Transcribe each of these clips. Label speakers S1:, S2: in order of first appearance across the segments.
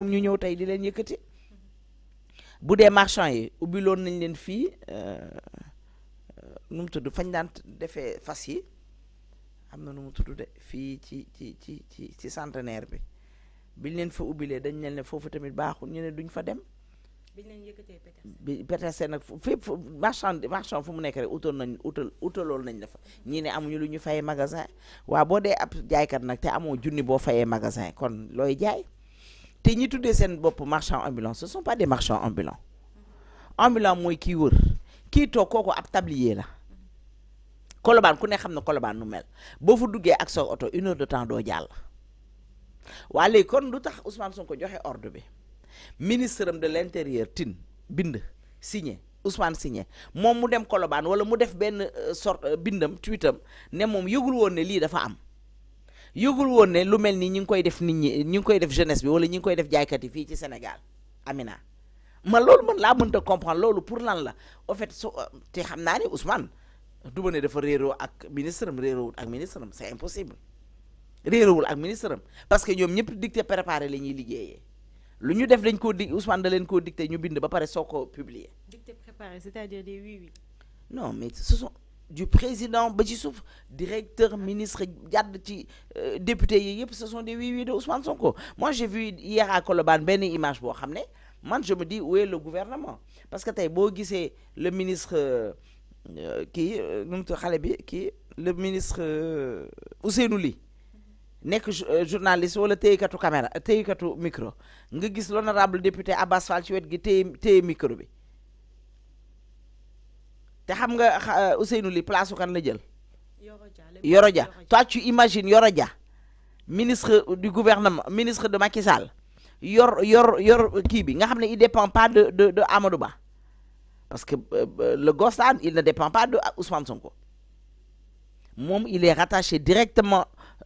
S1: moom ñu ñëw tey di leen yëkkati bu dee marchand yi ubbiloon nañ leen fii euh, nu mu tudd fañ daan defee fas yi am na nu mu tudd de fii ci ci ci ci ci centenaire bi biñ leen fa ubbilee dañ leen ne foofu tamit baaxul ñu ne duñ fa dem. biñ leen yëkkatee bi Petersen nag fépp marchand marchand fu mu nekk rek utal nañ utal utalool nañ la fa. ñii ne amuñu lu ñu fayee magasin waaw boo dee ab jaaykat nag te amoo junni boo fayee magasin kon looy jaay. te ñi tuddee sen bop marchand ambulant ce sont pas des marchands ambulants ambulant mooy ki wër ki toog koko ab tablier la kolobaan ku ne xam na kolobaan nu mel boo fa ak sa auto, une heure de temps do jàll waa kon lu Ousmane Sonko joxe ordre bi ministre de l'intérieur tin bind signé Ousmane signé mon mu dem kolobaan wala mu def benn euh, sorte euh, bindam tweetam ne mom yëgul woon ne lii dafa am yëgul woon ne lu mel nii ñi ngi koy def nit ñi ñi ngi koy def jeunesse bi wala ñi ngi koy def jaaykat yi fii ci Sénégal Amina man loolu man laa mënta comprendre loolu pour lan la au fait su euh, te xam naa ne Ousmane du ma ne dafa réeroo ak ministre am réeroowul ak ministre am c'est impossible réeroowul ak ministre am parce que ñoom ñëpp dicté préparé la ñuy liggéeyee lu ñu def dañ koo dig Ousmane da leen koo dicté ñu bind ba pare soo ko publier. dicté préparé c'est-à-dire des oui oui. du président ba directeur ministre jàdd euh, député ce sont des oui oui de Ousmane Sonko moi j'ai vu hier à Colobane une image boo xam je me dis où est le gouvernement parce que tu as le ministre qui, euh, euh, nu te tudd bi le ministre Ousseynou Ly nekk journaliste wala téyekatu caméra téyekatu micro nga gis l'honorable député Abbas Fall ci a gi micro bi euh, li place la toi tu imagines yorodia ministre du gouvernement ministre de Macky Sall yor yor yor ne dépend pas de de parce que euh, euh, le Gostan, il ne dépend pas de Ousmane Sonko il est rattaché directement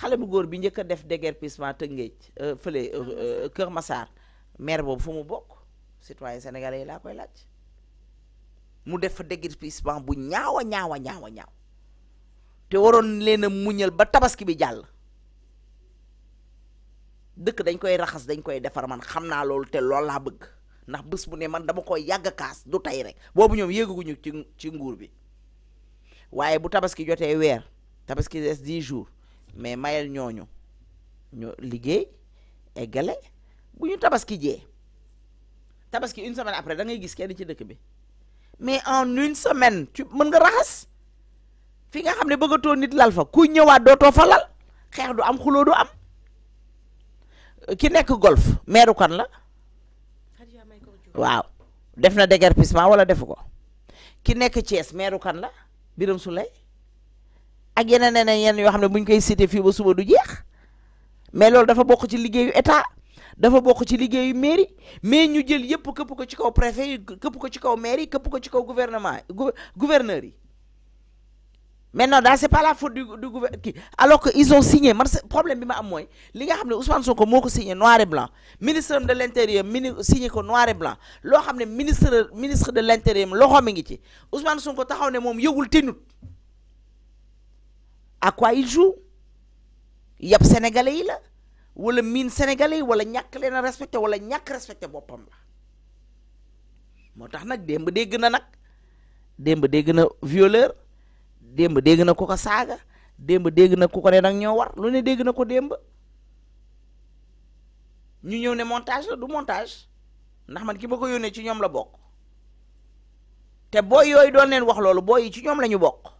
S1: xale bu góor bi njëkk a def déguerpissement Tëngéej euh, fële euh, euh, Kër Massar maire boobu fu mu bokk citoyen sénégalais yi laa koy laaj mu def fa déguerpissement bu ñaaw a ñaaw a ñaaw a ñaaw te waroon leen a muñal ba tabaski bi jàll dëkk dañ koy raxas dañ koy defar man xam naa loolu te lool laa bëgg ndax bës bu ne man dama koy yàgg kaas du tey rek boobu ñoom yéeguñu ci ci nguur bi waaye bu tabaski jotee weer tabaski des 10 jours mais mayel ñooñu ñu liggéey eggale bu ñu tabaski jee tabaski une semaine après da ngay gis kenn ci dëkk bi mais en une semaine mën nga raxas fi nga xam ne bëggatoo nit lal fa ku ñëwaat dootoo fa lal xeex du am xuloo du am ki nekk golf meeru kan la waaw def na déguerpissement wala defu ko ki nekk Thiès meeru kan la Biram Souley ak yeneen yeneen yenn yoo buñ koy cité fi ba suba du jeex mais lolou dafa bokk ci liggéeyu état dafa bokk ci liggéeyu mairie mais ñu jël yépp këpp ko ci kaw préfet yi ko ci kaw mairie këpp ko ci kaw gouvernement gouverneur yi maintenant daal c'est pas la faute du du gouvernement alors que ils ont signé man problème bi ma am moy li nga xamne Ousmane Sonko moko signé noir et blanc ministre de l'intérieur signé ko noir et blanc lo xamne ministre ministre de l'intérieur loxo mi ngi ci Ousmane Sonko taxaw ne moom yëgul tinut à quoi il joue yab sénégalais yi la wala miin sénégalais yi wala ñàkk leen a respecté wala ñàkk respecté boppam la moo tax nag démb dégg na nag démb dégg na violeur démb dégg na ku ko saaga démb dégg na ku ko ne nag ñoo war lu ne dégg na ko démb ñu ñëw ne montage la du montage ndax man ki ma ko yónnee ci ñoom la bokk te booy yooyu doon leen wax loolu booy ci ñoom la ñu bokk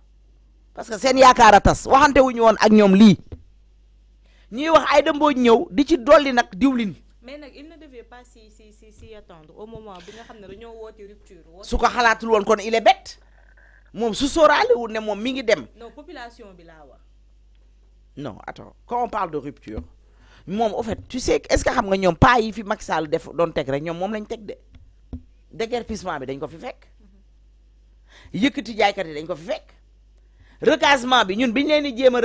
S1: parce que sen yakara tas waxante wuñu won ak ñom li ñuy wax ay dembo ñew di ci doli nak diwlin. mais nak il ne devait pas si si si si attendre au moment bi nga xam ne dañoo woote rupture. su ko xalaatul won kon il est bête mom su sóoraale wul ne moom mi ngi dem. non population bi la wax. non attends quand on parle de rupture mom au fait tu sais est-ce que xam nga ñom pas yi fi Macky Sall def don tek rek ñom mom lañ tek dé déguerpissement bi dañ ko fi fek mhm. yëkëti jaaykat yi dañ ko fi fek recasement bi ñun bi ñu leen di jéem a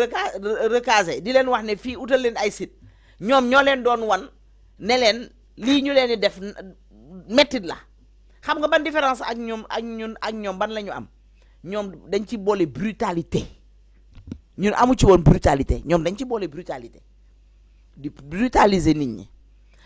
S1: recaser di leen wax ne fii utal leen ay site ñoom ñoo leen doon wan ne leen lii ñu leen def mettit la xam nga ban différence ak ñoom ak ak ñoom ban la ñu am ñoom dañ ci boole brutalité ñun amu ci woon brutalité ñoom dañ ci boole brutalité di brutaliser nit ñi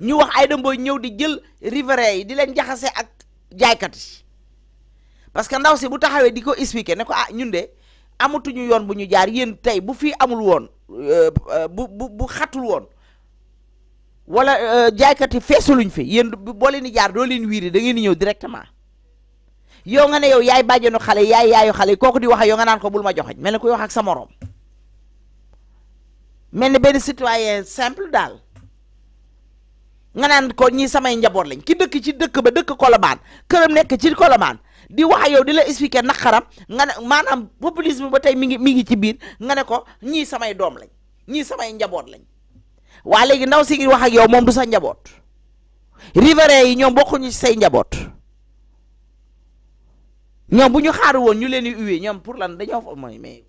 S1: ñu wax Aïda Mbodj ñëw di jël riverains yi di leen jaxase ak jaaykat parce que ndaw si bu taxawee di ko expliquer ne ko ah ñun de amatuñu yoon bu ñu jaar yéen tey bu fii amul woon euh, bu bu bu xatul woon wala euh, jaaykat yi feesuluñ fi yéen boo leen di jaar doo leen wiiri da ngeen ñëw directement yoo nga ne yow yaay bàjjenu xale yaay yaayu xale kooku di wax yow nga naan ko bul ma joxoñ mel ni kuy wax ak sa moroom mel ni benn citoyen simple daal. nga naan ko ñii samay njaboot lañ ki dëkk ci dëkk ba dëkk Colobane këram nekk ci Colobane di wax yow di la expliquer naqaram nga ne maanaam populisme ba tey mi ngi mi ngi ci biir nga ne ko ñii samay doom lañ ñii samay njaboot lañ waa léegi ndaw si ngi wax ak yow moom du sa njaboot riverains yi ñoom bokkuñu ñu say njaboot ñoom bu ñu xaaru woon ñu leen di uwe ñoom pour la dañoo fa mooy mais